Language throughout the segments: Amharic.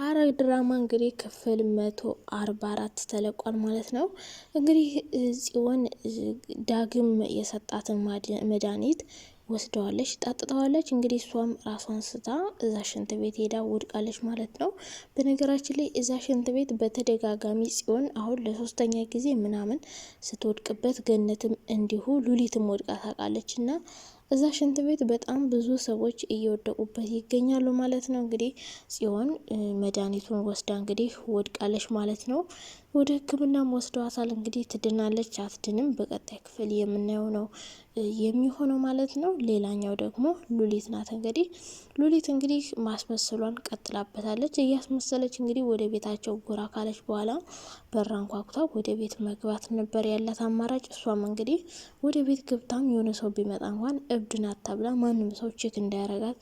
ሐረግ ድራማ እንግዲህ ክፍል መቶ አርባ አራት ተለቋል ማለት ነው። እንግዲህ ጽዮን ዳግም የሰጣትን መድኃኒት ወስደዋለች፣ ጠጥተዋለች። እንግዲህ እሷም ራሷን ስታ እዛ ሽንት ቤት ሄዳ ወድቃለች ማለት ነው። በነገራችን ላይ እዛ ሽንት ቤት በተደጋጋሚ ጽዮን አሁን ለሶስተኛ ጊዜ ምናምን ስትወድቅበት፣ ገነትም እንዲሁ ሉሊትም ወድቃ ታውቃለች እና እዛ ሽንት ቤት በጣም ብዙ ሰዎች እየወደቁበት ይገኛሉ ማለት ነው። እንግዲህ ጽዮን መድኃኒቱን ወስዳ እንግዲህ ወድቃለች ማለት ነው። ወደ ሕክምናም ወስደዋታል። እንግዲህ ትድናለች አትድንም፣ በቀጣይ ክፍል የምናየው ነው የሚሆነው ማለት ነው። ሌላኛው ደግሞ ሉሊት ናት። እንግዲህ ሉሊት እንግዲህ ማስመሰሏን ቀጥላበታለች። እያስመሰለች እንግዲህ ወደ ቤታቸው ጎራ ካለች በኋላ በራን ኳኩታ ወደ ቤት መግባት ነበር ያላት አማራጭ። እሷም እንግዲህ ወደ ቤት ገብታም የሆነ ሰው ቢመጣ እንኳን እብድ ናት ተብላ ማንም ሰው ቼክ እንዳያረጋት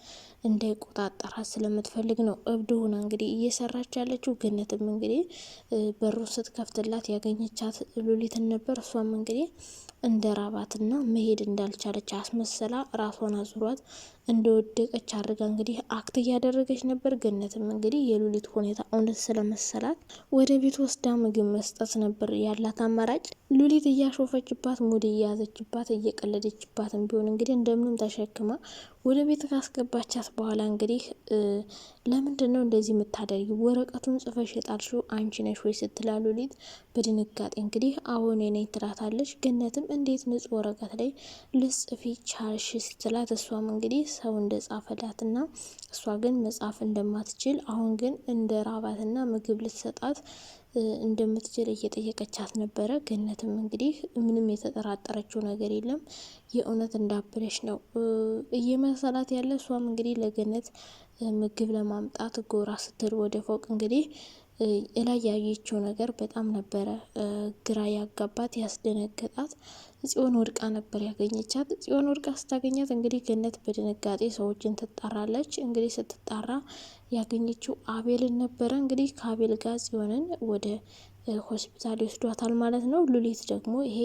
እንዳይቆጣጠራት ስለምትፈልግ ነው እብድ ሆና እንግዲህ እየሰራች ያለችው። ገነትም እንግዲህ በሩን ስትከፍትላት ያገኘቻት ሉሊትን ነበር። እሷም እንግዲህ እንደ ራባትና መሄድ እንዳልቻለች አስመሰላ ራሷን አዙሯት እንደወደቀች አድርጋ እንግዲህ አክት እያደረገች ነበር። ገነትም እንግዲህ የሉሊት ሁኔታ እውነት ስለመሰላት ወደ ቤት ወስዳ ምግብ መስጠት ነበር ያላት አማራጭ። ሉሊት እያሾፈችባት፣ ሙድ እየያዘችባት፣ እየቀለደችባትም ቢሆን እንግዲህ እንደምንም ተሸክማ ወደ ቤት ካስገባቻት በኋላ እንግዲህ ለምንድን ነው እንደዚህ የምታደርጊ? ወረቀቱን ጽፈሽ የጣልሽው አንቺ ነሽ ወይ ስትላሉ ሊጥ በድንጋጤ እንግዲህ አሁን ኔ ትላታለች። ገነትም እንዴት ንጹህ ወረቀት ላይ ልጽፊ ቻልሽ? ስትላት እሷም እንግዲህ ሰው ጻፈላት ና እሷ ግን መጻፍ እንደማትችል አሁን ግን እንደ ና ምግብ ልትሰጣት እንደምትችል እየጠየቀቻት ነበረ። ገነትም እንግዲህ ምንም የተጠራጠረችው ነገር የለም የእውነት እንዳበለች ነው እየመሰላት ያለ። እሷም እንግዲህ ለገነት ምግብ ለማምጣት ጎራ ስትል ወደ ፎቅ እንግዲህ እላይ ያየችው ነገር በጣም ነበረ ግራ ያጋባት ያስደነገጣት። ጽዮን ወድቃ ነበር ያገኘቻት። ጽዮን ወድቃ ስታገኛት እንግዲህ ገነት በድንጋጤ ሰዎችን ትጣራለች። እንግዲህ ስትጣራ ያገኘችው አቤልን ነበረ። እንግዲህ ከአቤል ጋር ጽዮንን ወደ ሆስፒታል ይወስዷታል ማለት ነው። ሉሊት ደግሞ ይሄ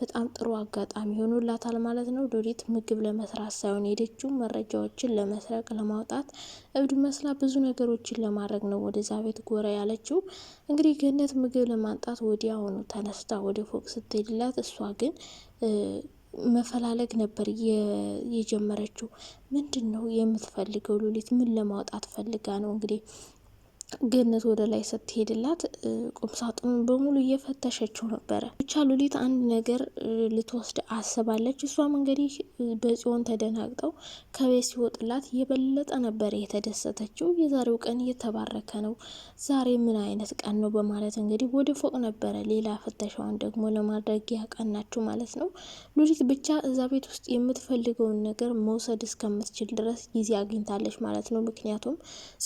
በጣም ጥሩ አጋጣሚ ሆኖላታል ማለት ነው። ሉሊት ምግብ ለመስራት ሳይሆን ሄደችው መረጃዎችን ለመስረቅ ለማውጣት እብድ መስላ ብዙ ነገሮችን ለማድረግ ነው ወደዛ ቤት ጎረ ያለችው። እንግዲህ ገነት ምግብ ለማንጣት ወዲያውኑ ተነስታ ወደ ፎቅ ስትሄድላት እሷ ግን መፈላለግ ነበር የጀመረችው። ምንድን ነው የምትፈልገው? ሉሊት ምን ለማውጣት ፈልጋ ነው? እንግዲህ ገነት ወደ ላይ ስትሄድላት ቁምሳጥኑን በሙሉ እየፈተሸችው ነበረ። ብቻ ሉሊት አንድ ነገር ልትወስድ አስባለች። እሷም እንግዲህ በጽዮን ተደናግጠው ከቤት ሲወጥላት የበለጠ ነበረ የተደሰተችው። የዛሬው ቀን እየተባረከ ነው፣ ዛሬ ምን አይነት ቀን ነው በማለት እንግዲህ ወደ ፎቅ ነበረ ሌላ ፍተሻዋን ደግሞ ለማድረግ ያቀናችው ማለት ነው። ሉሊት ብቻ እዛ ቤት ውስጥ የምትፈልገውን ነገር መውሰድ እስከምትችል ድረስ ጊዜ አግኝታለች ማለት ነው። ምክንያቱም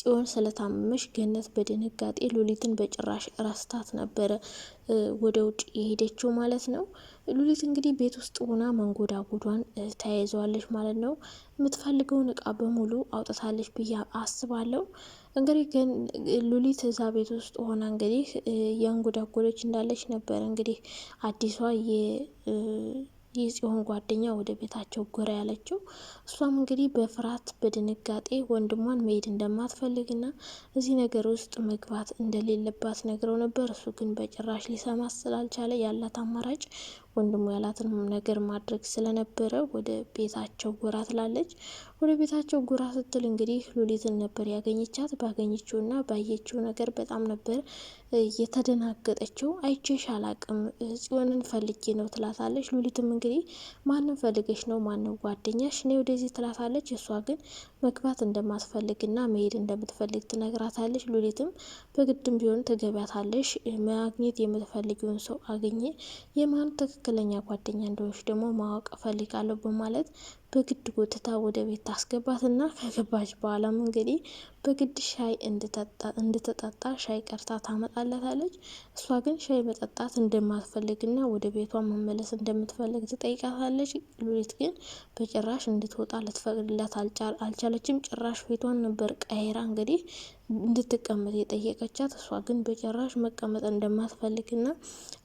ጽዮን ስለታመመች ገ በጭንቀትነት በድንጋጤ ሉሊትን በጭራሽ ረስታት ነበረ ወደ ውጭ የሄደችው ማለት ነው። ሉሊት እንግዲህ ቤት ውስጥ ሆና መንጎዳጎዷን ተያይዘዋለች ማለት ነው። የምትፈልገውን እቃ በሙሉ አውጥታለች ብዬ አስባለሁ። እንግዲህ ግን ሉሊት እዛ ቤት ውስጥ ሆና እንግዲህ ያንጎዳጎደች እንዳለች ነበር እንግዲህ አዲሷ የጽዮን ጓደኛ ወደ ቤታቸው ጎራ ያለችው እሷም እንግዲህ በፍርሃት በድንጋጤ ወንድሟን መሄድ እንደማትፈልግና እዚህ ነገር ውስጥ መግባት እንደሌለባት ነግረው ነበር። እሱ ግን በጭራሽ ሊሰማት ስላልቻለ ያላት አማራጭ ወንድሙ ያላትን ነገር ማድረግ ስለነበረ ወደ ቤታቸው ጎራ ትላለች። ወደ ቤታቸው ጎራ ስትል እንግዲህ ሉሊትን ነበር ያገኘቻት። ባገኘችውና ባየችው ነገር በጣም ነበር የተደናገጠችው። አይቼሽ አላቅም ጽዮንን ፈልጌ ነው ትላታለች። ሉሊትም እንግዲህ ማንም ፈልገሽ ነው ማንም ጓደኛሽ እኔ ወደዚህ ትላታለች። እሷ ግን መግባት እንደማትፈልግና መሄድ እንደምትፈልግ ትነግራታለች። ሉሊትም በግድም ቢሆን ትገቢያታለሽ ማግኘት የምትፈልጊውን ሰው አገኘ የማን ትክክለኛ ጓደኛ እንደሆንሽ ደግሞ ማወቅ እፈልጋለሁ በማለት በግድ ጎትታ ወደ ቤት ታስገባትና ከገባች በኋላም እንግዲህ በግድ ሻይ እንድትጠጣ ሻይ ቀርታ ታመጣላታለች። እሷ ግን ሻይ መጠጣት እንደማትፈልግና ወደ ቤቷ መመለስ እንደምትፈልግ ትጠይቃታለች። ሉሊት ግን በጭራሽ እንድትወጣ ልትፈቅድላት አልቻለችም። ጭራሽ ቤቷን ነበር ቀይራ እንግዲህ እንድትቀመጥ የጠየቀቻት። እሷ ግን በጭራሽ መቀመጥ እንደማትፈልግና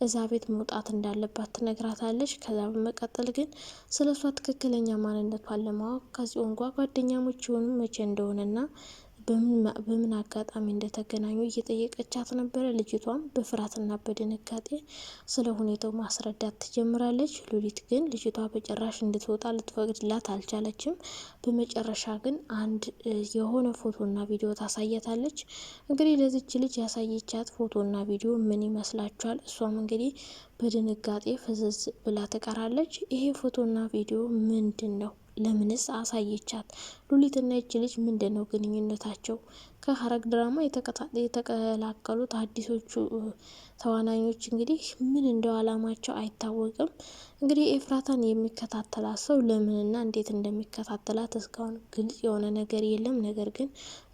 እዛ ቤት መውጣት እንዳለባት ትነግራታለች። ከዛ በመቀጠል ግን ስለ እሷ ትክክለኛ ማንነቷን ለማወቅ ከጽዮን ጋር ጓደኛሞች የሆኑ መቼ እንደሆነና በምን አጋጣሚ እንደተገናኙ እየጠየቀቻት ነበረ። ልጅቷም በፍርሃትና በድንጋጤ ስለ ሁኔታው ማስረዳት ትጀምራለች። ሉሊት ግን ልጅቷ በጭራሽ እንድትወጣ ልትፈቅድላት አልቻለችም። በመጨረሻ ግን አንድ የሆነ ፎቶና ቪዲዮ ታሳያታለች። እንግዲህ ለዚች ልጅ ያሳየቻት ፎቶና ቪዲዮ ምን ይመስላችኋል? እሷም እንግዲህ በድንጋጤ ፍዝዝ ብላ ትቀራለች። ይሄ ፎቶና ቪዲዮ ምንድን ነው? ለምንስ አሳየቻት? ሉሊትና ይች ልጅ ምንድን ነው ግንኙነታቸው? ከሀረግ ድራማ የተቀላቀሉት አዲሶቹ ተዋናኞች እንግዲህ ምን እንደው አላማቸው አይታወቅም። እንግዲህ ኤፍራታን የሚከታተላት ሰው ለምንና እንዴት እንደሚከታተላት እስካሁን ግልጽ የሆነ ነገር የለም። ነገር ግን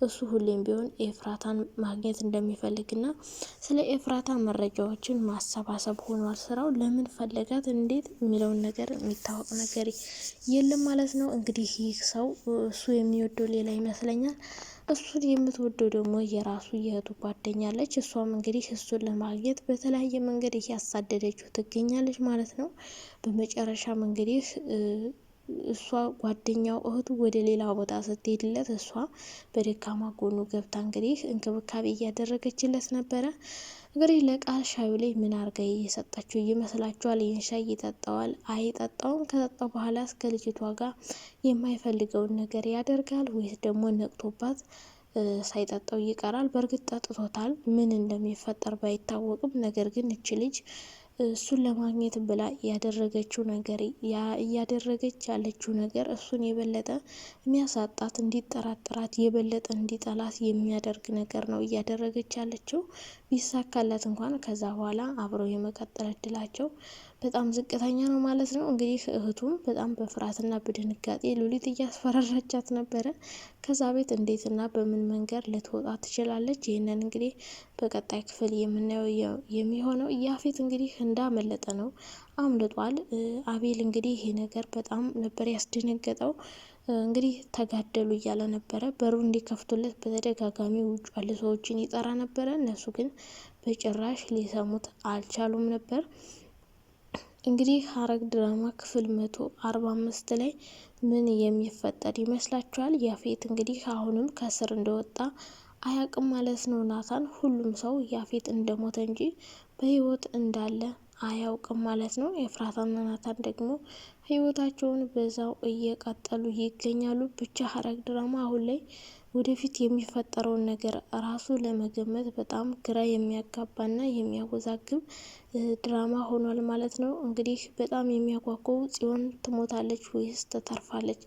እሱ ሁሌም ቢሆን ኤፍራታን ማግኘት እንደሚፈልግና ስለ ኤፍራታ መረጃዎችን ማሰባሰብ ሆኗል ስራው። ለምን ፈለጋት፣ እንዴት የሚለውን ነገር የሚታወቅ ነገር የለም ማለት ነው። እንግዲህ ይህ ሰው እሱ የሚወደው ሌላ ይመስለኛል። እሱን የምትወደው ደግሞ የራሱ የእህቱ ጓደኛ ለች እሷም እንግዲህ እሱን ለማግኘት በተለያየ መንገድ እያሳደደችው ትገኛለች ማለት ነው። በመጨረሻም እንግዲህ እሷ ጓደኛው እህቱ ወደ ሌላ ቦታ ስትሄድለት እሷ በደካማ ጎኑ ገብታ እንግዲህ እንክብካቤ እያደረገችለት ነበረ። እንግዲህ ለቃል ሻዩ ላይ ምን አርጋ እየሰጠችው ይመስላችኋል? ይህን ሻይ ይጠጣዋል አይጠጣውም? ከጠጣው በኋላ እስከ ልጅቷ ጋር የማይፈልገውን ነገር ያደርጋል ወይስ ደግሞ ነቅቶባት ሳይጠጣው ይቀራል? በእርግጥ ጠጥቶታል። ምን እንደሚፈጠር ባይታወቅም ነገር ግን እች ልጅ እሱን ለማግኘት ብላ ያደረገችው ነገር እያደረገች ያለችው ነገር እሱን የበለጠ የሚያሳጣት እንዲጠራጠራት የበለጠ እንዲጠላት የሚያደርግ ነገር ነው እያደረገች ያለችው። ቢሳካላት እንኳን ከዛ በኋላ አብረው የመቀጠል እድላቸው በጣም ዝቅተኛ ነው ማለት ነው። እንግዲህ እህቱም በጣም በፍርሃትና በድንጋጤ ሉሊት እያስፈራራቻት ነበረ። ከዛ ቤት እንዴትና በምን መንገድ ልትወጣ ትችላለች? ይህንን እንግዲህ በቀጣይ ክፍል የምናየው የሚሆነው ያፌት እንግዲህ እንዳመለጠ ነው። አምልጧል። አቤል እንግዲህ ይሄ ነገር በጣም ነበር ያስደነገጠው። እንግዲህ ተጋደሉ እያለ ነበረ። በሩ እንዲከፍቱለት በተደጋጋሚ ውጭ ያሉ ሰዎችን ይጠራ ነበረ። እነሱ ግን በጭራሽ ሊሰሙት አልቻሉም ነበር። እንግዲህ ሐረግ ድራማ ክፍል መቶ አርባ አምስት ላይ ምን የሚፈጠር ይመስላችኋል? ያፌት እንግዲህ አሁንም ከስር እንደወጣ አያቅም ማለት ነው ናታን። ሁሉም ሰው ያፌት እንደሞተ እንጂ በህይወት እንዳለ አያውቅም ማለት ነው። ኤፍራታና ናታን ደግሞ ህይወታቸውን በዛው እየቀጠሉ ይገኛሉ። ብቻ ሐረግ ድራማ አሁን ላይ ወደፊት የሚፈጠረውን ነገር ራሱ ለመገመት በጣም ግራ የሚያጋባና የሚያወዛግብ ድራማ ሆኗል ማለት ነው። እንግዲህ በጣም የሚያጓጓው ጽዮን ትሞታለች ወይስ ትተርፋለች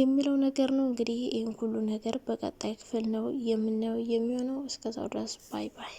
የሚለው ነገር ነው። እንግዲህ ይህን ሁሉ ነገር በቀጣይ ክፍል ነው የምናየው የሚሆነው። እስከዛው ድረስ ባይ ባይ።